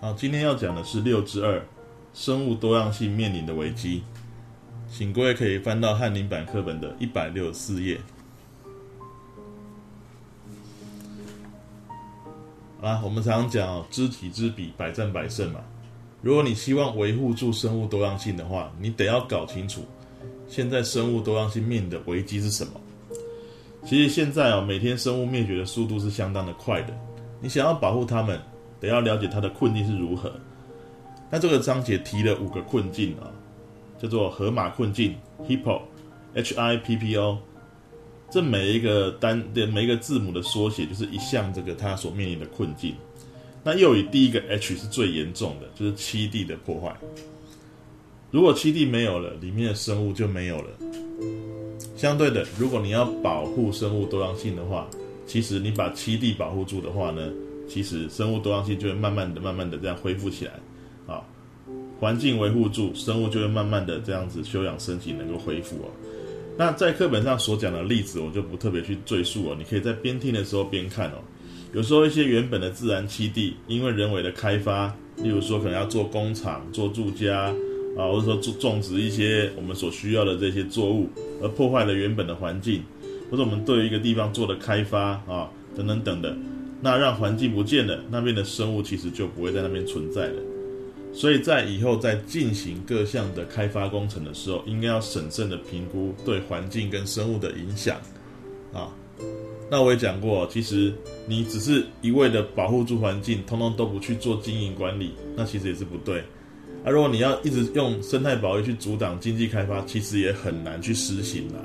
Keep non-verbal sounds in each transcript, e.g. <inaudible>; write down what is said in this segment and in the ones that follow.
好，今天要講的是六之二，2，生物多樣性面臨的危機。請各位可以翻到翰林版課本的一百六十四頁。啊，我們常常講、哦、知己知彼，百戰百勝嘛。如果你希望維護住生物多樣性的話，你得要搞清楚現在生物多樣性面臨的危機是什麼。其實現在啊、哦，每天生物滅絕的速度是相當的快的。你想要保護它們。得要了解它的困境是如何。那這個章節提了五個困境啊、哦，叫做河馬困境 （hippo，H-I-P-P-O）。這每一個單的每一個字母的縮寫，就是一項這個它所面臨的困境。那又以第一個 H 是最嚴重的，就是七 D 的破壞。如果七 D 沒有了，裡面的生物就沒有了。相對的，如果你要保護生物多樣性的話，其實你把七 D 保護住的話呢？其實生物多樣性就會慢慢的、慢慢的這樣恢復起來，啊，環境維護住，生物就會慢慢的這樣子休養身體，能夠恢復哦、啊。那在課本上所講的例子，我就不特別去贅述了、啊。你可以在邊聽的時候邊看哦、啊。有時候一些原本的自然棲地，因為人為的開發，例如說可能要做工廠、做住家啊，或者說種植一些我們所需要的這些作物，而破壞了原本的環境，或者我們對於一個地方做的開發啊，等等等等的。那讓環境不見了，那邊的生物其實就不會在那邊存在了。所以在以後在進行各項的開發工程的時候，應該要審慎的評估對環境跟生物的影響啊。那我也講過，其實你只是一味的保護住環境，通通都不去做經營管理，那其實也是不對。啊。如果你要一直用生態保育去阻擋經濟開發，其實也很難去實行了。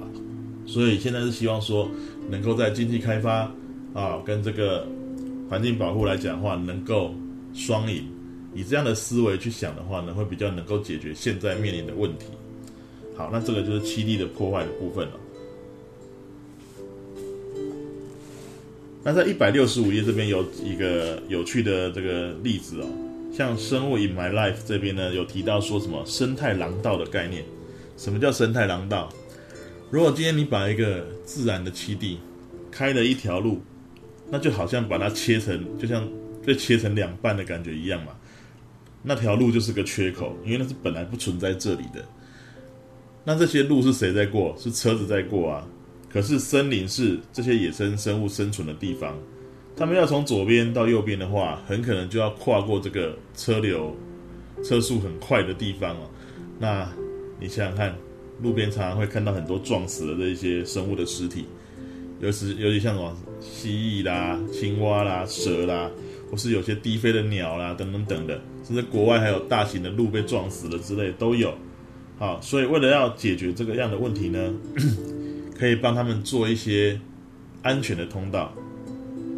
所以現在是希望說，能夠在經濟開發啊跟這個。環境保護來講的話，能夠雙贏，以這樣的思維去想的話呢，呢會比較能夠解決現在面臨的問題。好，那這個就是棲地的破壞的部分了，喔。那在一百六十五頁這邊有一個有趣的這個例子哦，喔，像《生物 in my life》這邊呢，有提到說什麼生態廊道的概念。什麼叫生態廊道？如果今天你把一個自然的棲地開了一條路。那就好像把它切成，就像被切成兩半的感覺一樣嘛。那條路就是個缺口，因為那是本來不存在這裡的。那這些路是誰在過？是車子在過啊。可是森林是這些野生生物生存的地方，他們要從左邊到右邊的話，很可能就要跨過這個車流，車速很快的地方哦、啊。那你想想看，路邊常常會看到很多撞死的這一些生物的屍體。有時尤其像什麼蜥蜴啦、青蛙啦、蛇啦，或是有些低飛的鳥啦等等等的，甚至國外還有大型的鹿被撞死了之類都有。好，所以為了要解決這個樣的問題呢，可以幫他們做一些安全的通道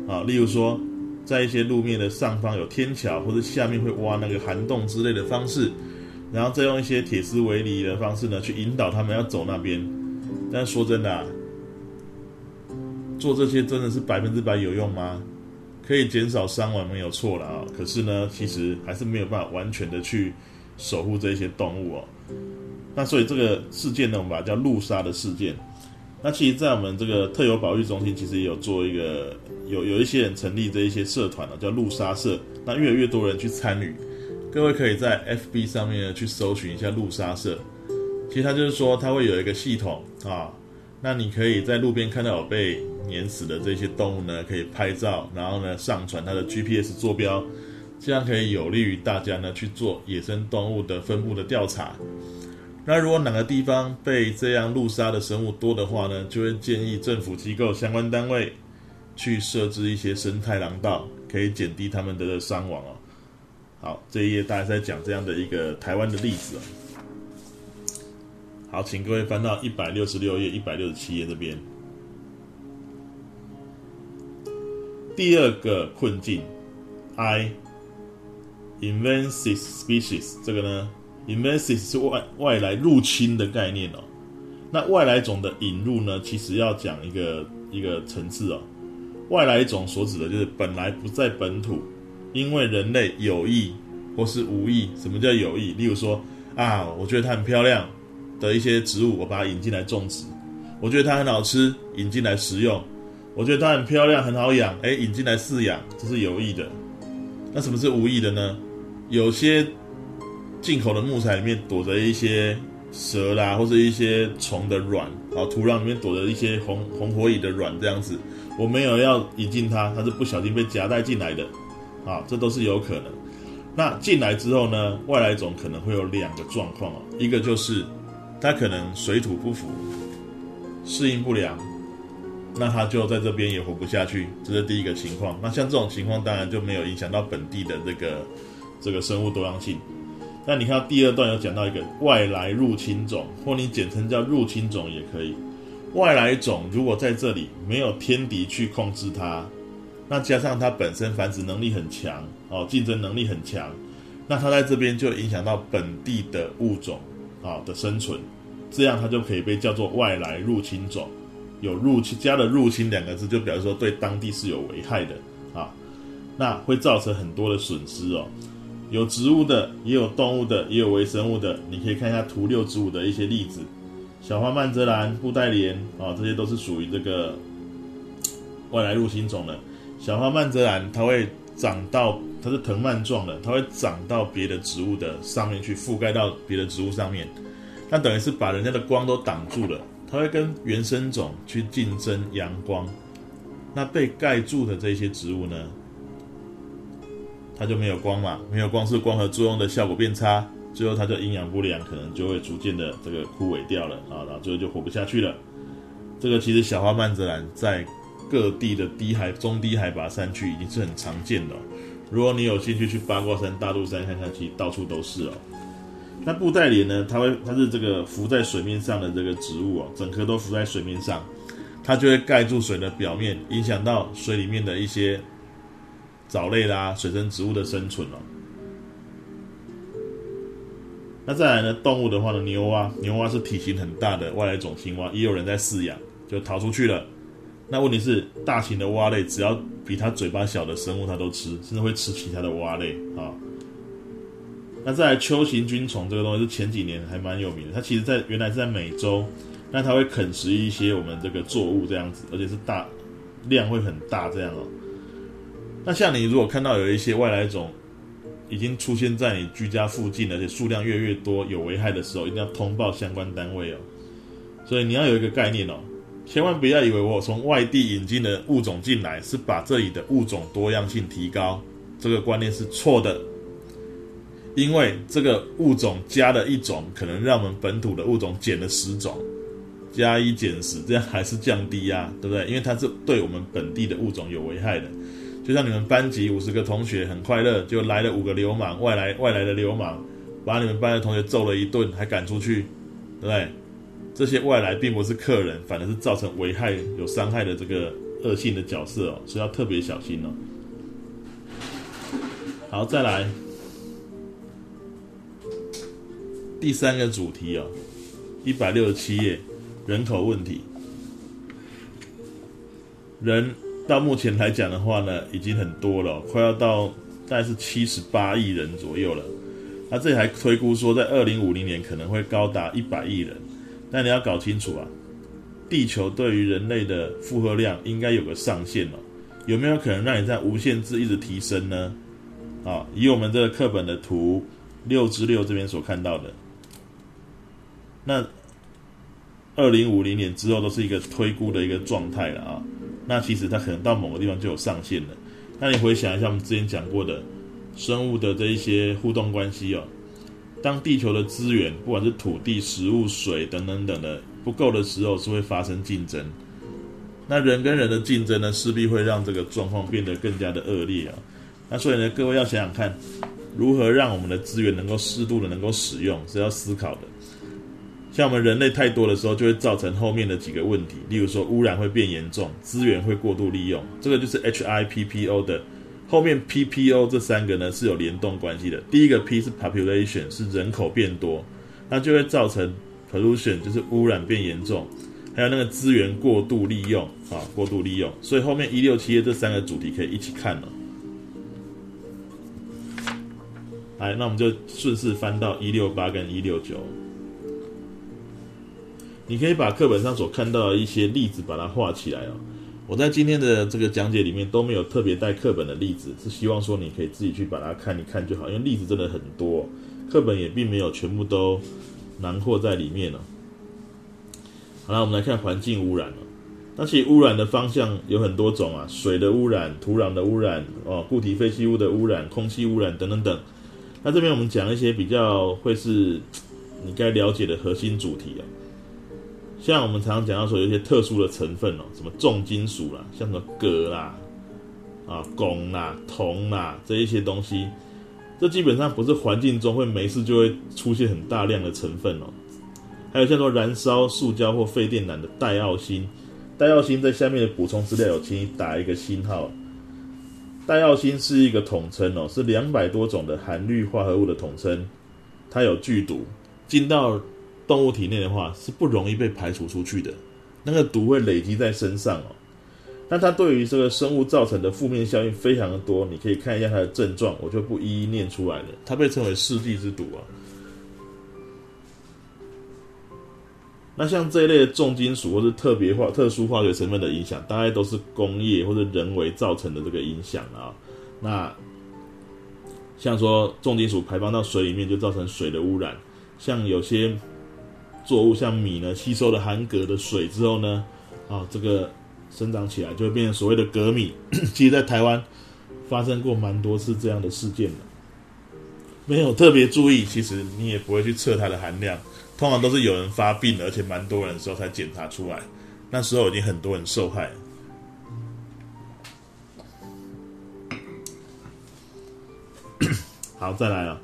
啊，例如說在一些路面的上方有天橋，或者下面會挖那個涵洞之類的方式，然後再用一些鐵絲圍籬的方式呢，去引導他們要走那邊。但說真的啊。做這些真的是百分之百有用嗎？可以減少傷亡沒有錯了啊，可是呢，其實還是沒有辦法完全的去守護這些動物哦。那所以這個事件呢，我們把它叫“路殺”的事件。那其實，在我們這個特有保育中心，其實也有做一個有有一些人成立這一些社團啊，叫“路殺社”。那越來越多人去參與，各位可以在 FB 上面去搜尋一下“路殺社”。其實它就是說，它會有一個系統啊、哦，那你可以在路邊看到有被。碾死的這些動物呢，可以拍照，然後呢上傳它的 GPS 坐標，這樣可以有利於大家呢去做野生動物的分布的調查。那如果哪個地方被這樣路殺的生物多的話呢，就會建議政府機構相關單位去設置一些生態廊道，可以減低它們的傷亡哦。好，這一頁大概在講這樣的一個台灣的例子。好，請各位翻到一百六十六頁、一百六十七頁這邊。第二個困境，I Invasive Species 這個呢 Invasive 是外外來入侵的概念哦。那外來種的引入呢，其實要講一個一個層次哦。外來種所指的就是本來不在本土，因為人類有意或是無意。什麼叫有意？例如說啊，我覺得它很漂亮的一些植物，我把它引進來種植，我覺得它很好吃，引進來食用。我覺得它很漂亮，很好養。哎，引進來飼養，這是有意的。那什麼是無意的呢？有些進口的木材裡面躲着一些蛇啦，或者一些蟲的卵啊，土壤裡面躲着一些紅紅火蟻的卵，這樣子，我沒有要引進它，它是不小心被夾帶進來的。啊，這都是有可能。那進來之後呢，外來種可能會有兩個狀況哦，一個就是它可能水土不服，適應不良。那它就在這邊也活不下去，這是第一個情況。那像這種情況，當然就沒有影響到本地的這個這個生物多樣性。那你看到第二段有講到一個外來入侵種，或你簡稱叫入侵種也可以。外來種如果在這裡沒有天敵去控制它，那加上它本身繁殖能力很強哦，競爭能力很強，那它在這邊就影響到本地的物種啊的生存，這樣它就可以被叫做外來入侵種。有入侵加了“入侵”兩個字，就表示說對當地是有危害的啊，那會造成很多的損失哦。有植物的，也有動物的，也有微生物的。你可以看一下圖六之五的一些例子：小花蔓澤蘭、布袋蓮啊，這些都是屬於這個外來入侵種的。小花蔓澤蘭它會長到，它是藤蔓狀的，它會長到別的植物的上面去，覆蓋到別的植物上面，那等於是把人家的光都擋住了。它會跟原生種去競爭陽光，那被蓋住的這些植物呢，它就沒有光嘛，沒有光是光合作用的效果變差，最後它就營養不良，可能就會逐漸的這個枯萎掉了啊，然後最後就活不下去了。這個其實小花蔓澤蘭在各地的低海、中低海拔山區已經是很常見的哦，如果你有興趣去八卦山、大肚山看看，其實到處都是哦。那布袋蓮呢？它會，它是這個浮在水面上的這個植物啊、哦，整棵都浮在水面上，它就會蓋住水的表面，影響到水裡面的一些藻類啦、水生植物的生存哦。那再來呢，動物的話呢，牛蛙，牛蛙是體型很大的外來種青蛙，也有人在飼養，就逃出去了。那問題是，大型的蛙類只要比它嘴巴小的生物它都吃，甚至會吃其他的蛙類啊。哦。那再來，秋行軍蟲這個東西是前幾年還蠻有名的。它其實在，在原來是在美洲，那它會啃食一些我們這個作物這樣子，而且是大量會很大這樣哦。那像你如果看到有一些外來種已經出現在你居家附近，而且數量越來越多有危害的時候，一定要通報相關單位哦。所以你要有一個概念哦，千萬不要以為我從外地引進的物種進來是把這裡的物種多樣性提高，這個觀念是錯的。因為這個物種加了一種，可能讓我們本土的物種減了十種，加一減十，這樣還是降低呀，啊，對不對？因為它是對我們本地的物種有危害的，就像你們班級五十個同學很快樂，就來了五個流氓，外來外來的流氓把你們班的同學揍了一頓，還趕出去，對不對？這些外來並不是客人，反而是造成危害，有傷害的這個惡性的角色哦，所以要特別小心哦。好，再來。第三個主題哦，一百六十七頁，人口問題。人到目前來講的話呢，已經很多了，快要到大概是七十八億人左右了。他、啊、這裡還推估說，在二零五零年可能會高達一百億人。那你要搞清楚啊，地球對於人類的負荷量應該有個上限哦。有沒有可能讓你在無限制一直提升呢？啊，以我們這個課本的圖六之六這邊所看到的。那二零五零年之後都是一個推估的一個狀態了啊。那其實它可能到某個地方就有上限了。那你回想一下我們之前講過的生物的這一些互動關係哦。當地球的資源不管是土地、食物、水等等等等的不夠的時候，是會發生競爭。那人跟人的競爭呢，勢必會讓這個狀況變得更加的惡劣啊、哦。那所以呢，各位要想想看，如何讓我們的資源能夠適度的能夠使用，是要思考的。像我們人類太多的時候，就會造成後面的幾個問題，例如說污染會變嚴重，資源會過度利用，這個就是 HIPPO 的後面 PPO 這三個呢是有聯動關係的。第一個 P 是 population，是人口變多，那就會造成 pollution，就是污染變嚴重，還有那個資源過度利用啊，過度利用。所以後面一六七這三個主題可以一起看了。來，那我們就順勢翻到一六八跟一六九。你可以把課本上所看到的一些例子，把它畫起來哦、啊。我在今天的這個講解裡面都沒有特別帶課本的例子，是希望說你可以自己去把它看一看就好，因為例子真的很多，課本也並沒有全部都囊括在裡面呢、啊。好了，我們來看環境污染、啊、那其實污染的方向有很多種啊，水的污染、土壤的污染、哦，固體廢棄物的污染、空氣污染等等等。那這邊我們講一些比較會是你該了解的核心主題、啊像我們常常講到說，有一些特殊的成分哦，什麼重金屬啦，像什麼鎘啦、啊汞啦、銅啦這一些東西，這基本上不是環境中會沒事就會出現很大量的成分哦。還有像說燃燒塑膠或廢電纜的戴奧辛，戴奧辛在下面的補充資料有，請你打一個星號。戴奧辛是一個統稱哦，是兩百多種的含氯化合物的統稱，它有劇毒，進到。動物體內的話是不容易被排除出去的，那個毒會累積在身上哦。那它對於這個生物造成的負面效應非常的多，你可以看一下它的症狀，我就不一一念出來了。它被稱為“世紀之毒”啊。那像這一類重金屬或是特別化、特殊化學成分的影響，大概都是工業或者人為造成的這個影響啊。那像說重金屬排放到水裡面，就造成水的污染。像有些。作物像米呢，吸收了含鎘的水之後呢，啊，這個生長起來就會變成所謂的鎘米。 <coughs> 其實，在台灣發生過蠻多次這樣的事件的，沒有特別注意，其實你也不會去測它的含量，通常都是有人發病的，而且蠻多人的時候才檢查出來，那時候已經很多人受害。好，再來啊。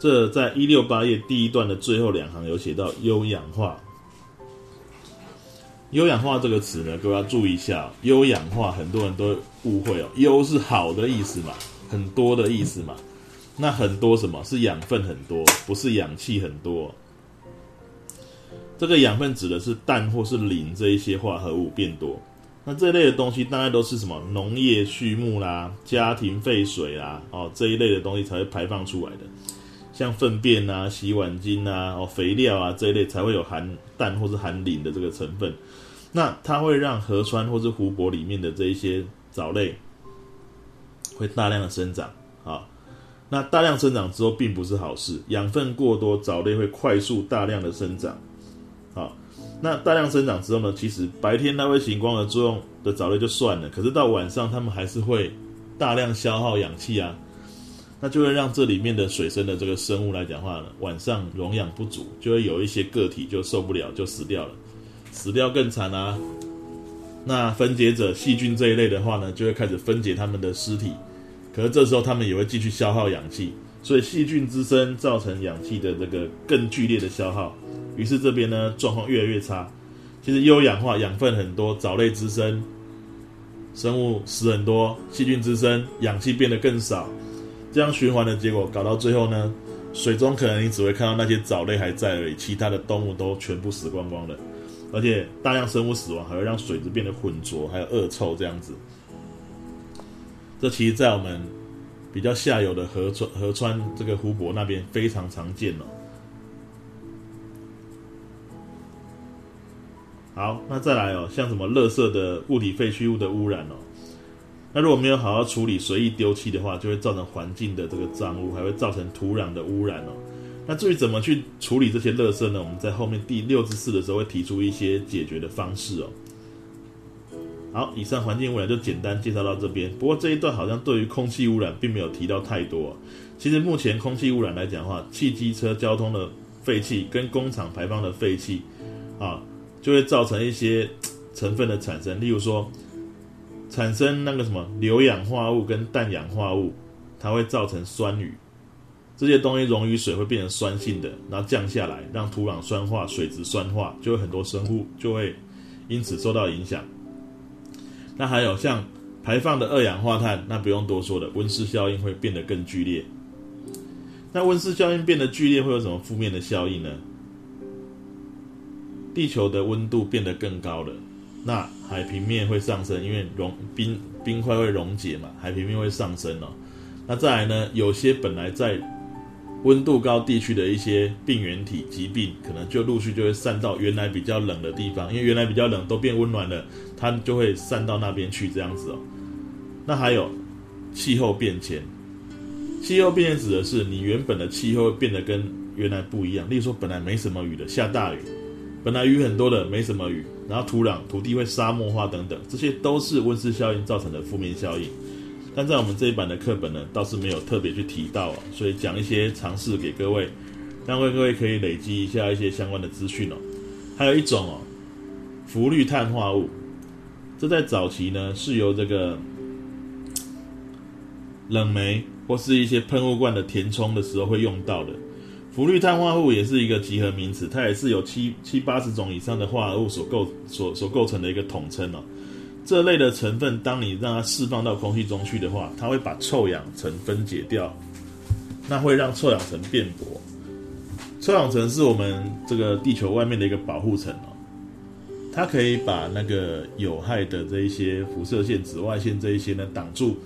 這在一六八頁第一段的最後兩行有寫到優“優氧化”。“優氧化”這個詞呢，各位要注意一下哦，“優氧化”很多人都誤會哦，“優”是好的意思嘛，很多的意思嘛。那很多什麼是養分很多，不是氧氣很多。這個養分指的是氮或是磷這一些化合物變多。那這類的東西大概都是什麼農業畜牧啦、家庭廢水啦，哦這一類的東西才會排放出來的。像糞便啊、洗碗精啊、哦、肥料啊這一類才會有含氮或是含磷的這個成分，那它會讓河川或是湖泊裡面的這一些藻類會大量的生長啊。那大量生長之後並不是好事，養分過多，藻類會快速大量的生長。好，那大量生長之後呢，其實白天它會行光合作用的藻類就算了，可是到晚上它們還是會大量消耗氧氣啊。那就會讓這裡面的水生的這個生物來講的話呢，晚上溶氧不足，就會有一些個體就受不了，就死掉了，死掉更慘啊。那分解者細菌這一類的話呢，就會開始分解它們的屍體，可是這時候它們也會繼續消耗氧氣，所以細菌滋生造成氧氣的這個更劇烈的消耗，於是這邊呢狀況越來越差。其實，優氧化養分很多，藻類滋生，生物死很多，細菌滋生，氧氣變得更少。這樣循環的結果，搞到最後呢，水中可能你只會看到那些藻類還在而已，其他的動物都全部死光光了，而且大量生物死亡還會讓水質變得渾濁，還有惡臭這樣子。這其實，在我們比較下游的河川、河川這個湖泊那邊非常常見哦。好，那再來哦，像什麼垃圾的物理廢棄物的污染哦。那如果沒有好好處理，隨意丟棄的話，就會造成環境的這個髒污，還會造成土壤的污染哦。那至於怎麼去處理這些垃圾呢？我們在後面第六十四的時候會提出一些解決的方式哦。好，以上環境污染就簡單介紹到這邊。不過這一段好像對於空氣污染並沒有提到太多哦。其實目前空氣污染來講的話，汽機車交通的廢氣跟工廠排放的廢氣，啊，就會造成一些，呃，成分的產生，例如說，產生那個什麼硫氧化物跟氮氧化物，它會造成酸雨。這些東西溶於水會變成酸性的，然後降下來，讓土壤酸化、水質酸化，就會很多生物就會因此受到影響。那還有像排放的二氧化碳，那不用多說了，溫室效應會變得更劇烈。那溫室效應變得劇烈會有什麼負面的效應呢？地球的溫度變得更高了。那海平面會上升，因為融冰冰塊會溶解嘛，海平面會上升哦。那再來呢，有些本來在溫度高地區的一些病原體疾病，可能就陸續就會散到原來比較冷的地方，因為原來比較冷都變溫暖了，它就會散到那邊去這樣子哦。那還有氣候變遷，氣候變遷指的是你原本的氣候會變得跟原來不一樣，例如說本來沒什麼雨的，下大雨。本來魚很多的，沒什麼魚，然後土壤、土地會沙漠化等等，這些都是溫室效應造成的負面效應。但在我們這一版的課本呢，倒是沒有特別去提到啊，所以講一些嘗試給各位，讓各位可以累積一下一些相關的資訊哦。還有一種哦，氟氯碳化物，這在早期呢是由這個冷媒或是一些噴霧罐的填充的時候會用到的。氟氯碳化物也是一個集合名詞，它也是有七七八十種以上的化合物所構所所構成的一個統稱哦。這類的成分，當你讓它釋放到空氣中去的話，它會把臭氧層分解掉，那會讓臭氧層變薄。臭氧層是我們這個地球外面的一個保護層哦，它可以把那個有害的這一些輻射線、紫外線這一些呢擋住，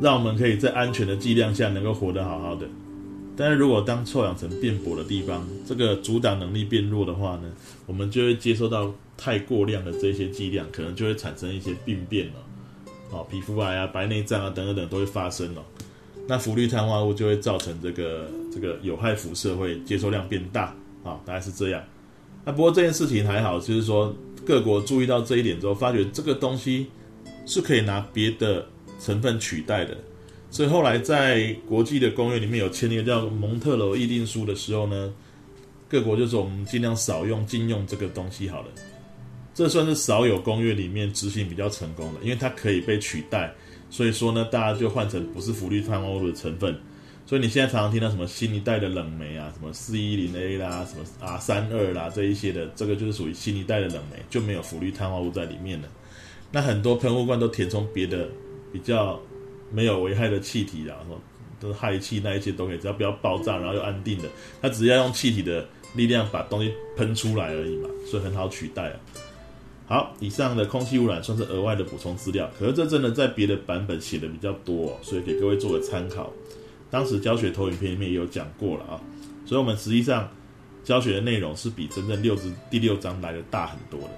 讓我們可以在安全的劑量下能夠活得好好的。但是如果當臭氧層變薄的地方，這個阻擋能力變弱的話呢，我們就會接受到太過量的這些劑量，可能就會產生一些病變了、哦，哦，皮膚癌啊、白內障啊等,等等等都會發生哦。那氟氯碳化物就會造成這個這個有害輻射會接收量變大，啊、哦，大概是這樣。那不過這件事情還好，就是說各國注意到這一點之後，發覺這個東西是可以拿別的成分取代的。所以後來在國際的公約裡面有簽一個叫蒙特婁議定書的時候呢，各國就說，我們儘量少用、禁用這個東西好了。這算是少有公約裡面執行比較成功的，因為它可以被取代，所以說呢，大家就換成不是氟氯碳化物的成分。所以你現在常常聽到什麼新一代的冷媒啊，什麼四一零 A 啦，什麼 R 三二啦這一些的，這個就是屬於新一代的冷媒，就沒有氟氯碳化物在裡面了。那很多噴霧罐都填充別的比較。沒有危害的氣體啦、啊，然後都是氦氣那一些東西，只要不要爆炸，然後又安定的，它只要用氣體的力量把東西噴出來而已嘛，所以很好取代啊。好，以上的空氣污染算是額外的補充資料，可是這真的在別的版本寫的比較多，哦，所以給各位做個參考。當時教學投影片裡面也有講過了啊，所以我們實際上教學的內容是比真正六十第六章來的大很多的。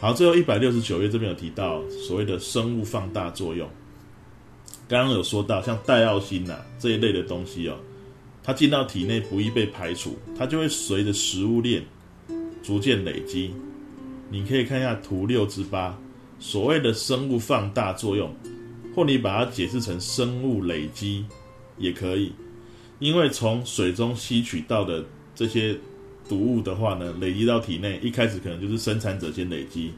好，最後一百六十九頁這邊有提到所謂的生物放大作用。剛剛有說到，像戴奧辛吶、啊、這一類的東西哦，它進到體內不易被排除，它就會隨着食物鏈逐漸累積。你可以看一下圖六之八，8，所謂的生物放大作用，或你把它解釋成生物累積也可以。因為從水中吸取到的這些毒物的話呢，累積到體內，一開始可能就是生產者先累積。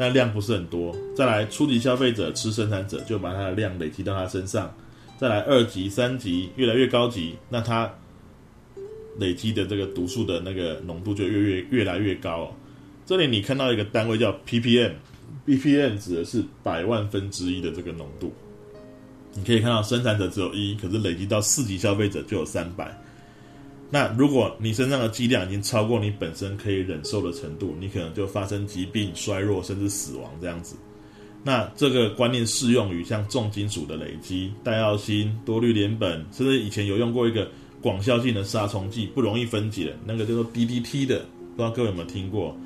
那量不是很多，再來初級消費者吃生產者，就把它的量累積到它身上，再來二級、三級越來越高級，那它累積的這個毒素的那個濃度就越越越來越高哦。這裡你看到一個單位叫 ppm，ppm 指的是百萬分之一的這個濃度。你可以看到生產者只有一，可是累積到四級消費者就有三百。那如果你身上的劑量已經超過你本身可以忍受的程度，你可能就發生疾病、衰弱，甚至死亡這樣子。那這個觀念適用於像重金屬的累積，戴奧辛、多氯聯苯，甚至以前有用過一個廣效性的殺蟲劑，不容易分解，那個叫做 DDT 的，不知道各位有沒有聽過？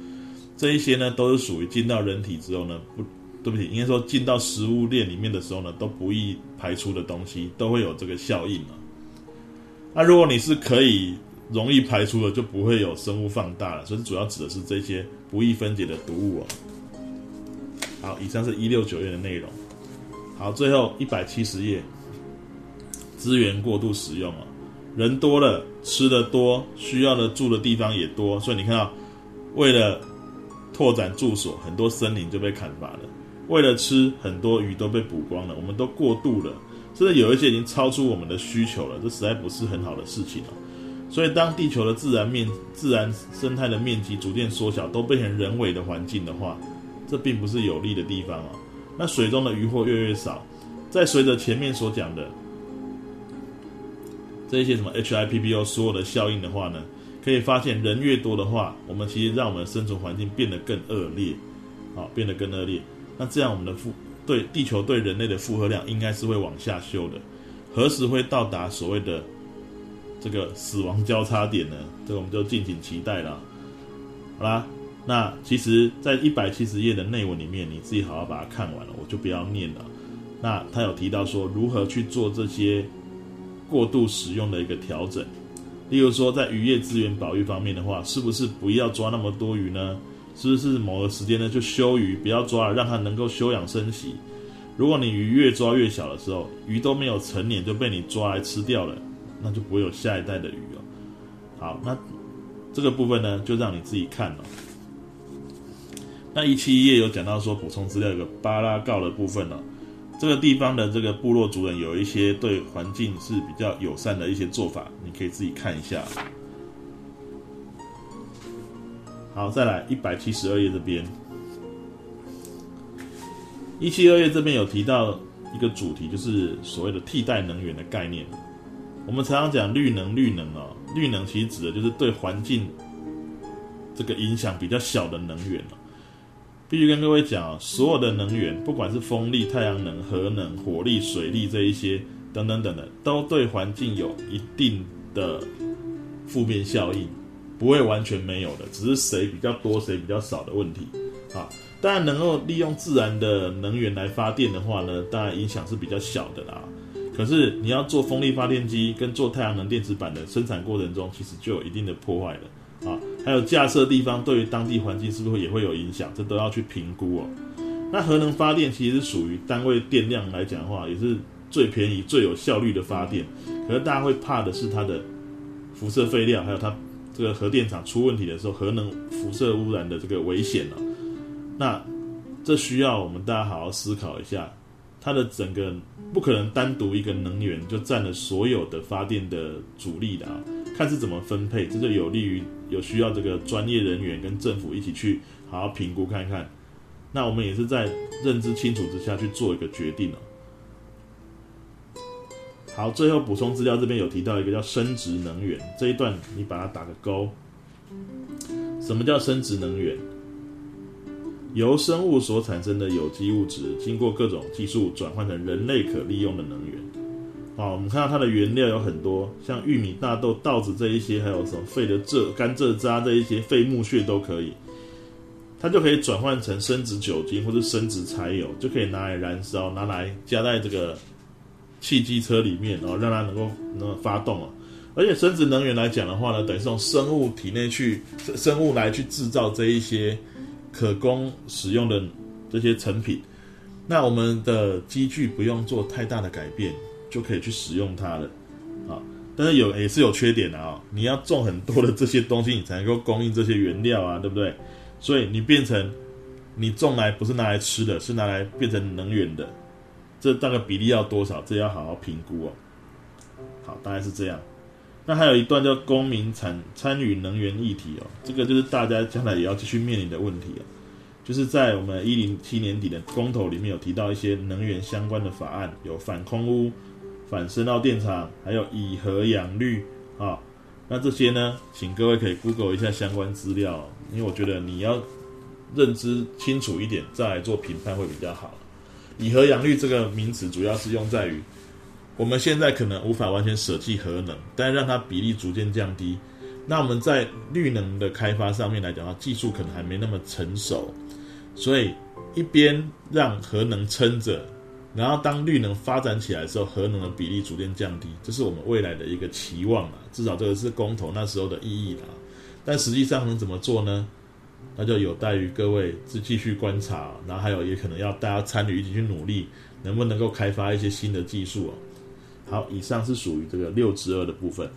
這一些呢，都是屬於進到人體之後呢，不，對不起，應該說進到食物鏈裡面的時候呢，都不易排出的東西，都會有這個效應啊。那、啊、如果你是可以容易排出的，就不會有生物放大了。所以主要指的是這些不易分解的毒物哦。好，以上是一六九頁的內容。好，最後一百七十頁，資源過度使用哦，人多了，吃的多，需要的住的地方也多，所以你看到，為了拓展住所，很多森林就被砍伐了；為了吃，很多魚都被捕光了。我們都過度了。這有一些已經超出我們的需求了，這實在不是很好的事情哦。所以，當地球的自然面、自然生態的面積逐漸縮小，都變成人為的環境的話，這並不是有利的地方啊、哦。那水中的魚獲越來越少，再隨着前面所講的這一些什麼 HIPPO 所有的效應的話呢，可以發現人越多的話，我們其實讓我們的生存環境變得更惡劣，好、哦，變得更惡劣。那這樣我們的復。對地球對人類的負荷量應該是會往下修的，何時會到達所謂的這個死亡交叉點呢？這個我們就敬請期待了。好啦，那其實，在一百七十頁的內文裡面，你自己好好把它看完了，我就不要念了。那他有提到說，如何去做這些過度使用的一個調整，例如說，在漁業資源保育方面的話，是不是不要抓那麼多魚呢？是不是某個時間呢，就休漁，不要抓了，讓它能夠休養生息？如果你魚越抓越小的時候，魚都沒有成年就被你抓來吃掉了，那就不會有下一代的魚了、哦。好，那這個部分呢，就讓你自己看了、哦。那171頁有講到說，補充資料有個巴拉告的部分了、哦，這個地方的這個部落族人有一些對環境是比較友善的一些做法，你可以自己看一下。好，再來一百七十二頁這邊，一七二頁這邊有提到一個主題，就是所謂的替代能源的概念。我們常常講綠能，綠能哦、喔，綠能其實指的就是對環境這個影響比較小的能源喔，必須跟各位講喔，所有的能源，不管是風力、太陽能、核能、火力、水力這一些等等等等的，都對環境有一定的負面效應。不會完全沒有的，只是誰比較多，誰比較少的問題啊。當然，能夠利用自然的能源來發電的話呢，當然影響是比較小的啦。可是你要做風力發電機跟做太陽能電池板的生產過程中，其實就有一定的破壞了啊。還有架設地方對於當地環境是不是也會有影響，這都要去評估哦。那核能發電其實是屬於單位電量來講的話，也是最便宜、最有效率的發電。可是大家會怕的是它的輻射廢料，還有它。這個核電廠出問題的時候，核能輻射污染的這個危險哦，那這需要我們大家好好思考一下，它的整個不可能單獨一個能源就佔了所有的發電的主力的啊，看是怎麼分配，這就有利於有需要這個專業人員跟政府一起去好好評估看看。那我們也是在認知清楚之下去做一個決定哦。好，最後補充資料這邊有提到一個叫生質能源這一段，你把它打個勾。什麼叫生質能源？由生物所產生的有機物質，經過各種技術轉換成人類可利用的能源。好，我們看到它的原料有很多，像玉米、大豆、稻子這一些，還有什麼廢的蔗、甘蔗渣這一些，廢木屑都可以，它就可以轉換成生質酒精或者生質柴油，就可以拿來燃燒，拿來加在這個。汽機車裡面、哦，然後讓它能夠能夠發動啊、哦，而且生質能源來講的話呢，等於是從生物體內去生物來去製造這一些可供使用的這些成品，那我們的機具不用做太大的改變就可以去使用它了啊、哦。但是有也是有缺點的啊、哦，你要種很多的這些東西，你才能夠供應這些原料啊，對不對？所以你變成你種來不是拿來吃的，是拿來變成能源的。這大概比例要多少？這要好好評估哦。好，大概是這樣。那還有一段叫公民參參與能源議題哦，這個就是大家將來也要繼續面臨的問題、哦、就是在我們一零七年底的公投裡面有提到一些能源相關的法案，有反空污、反深澳電廠，還有以核養綠啊、哦。那這些呢，請各位可以 Google 一下相關資料、哦，因為我覺得你要認知清楚一點，再來做評判會比較好。以核養綠這個名詞，主要是用在於，我們現在可能無法完全捨棄核能，但讓它比例逐漸降低。那我們在綠能的開發上面來講的話，技術可能還沒那麼成熟，所以一邊讓核能撐着，然後當綠能發展起來的時候，核能的比例逐漸降低，這是我們未來的一個期望啊。至少這個是公投那時候的意義啊。但實際上我們怎麼做呢？那就有待於各位自繼續觀察，然後還有也可能要大家參與一起去努力，能不能夠開發一些新的技術哦？好，以上是屬於這個六之二的部分。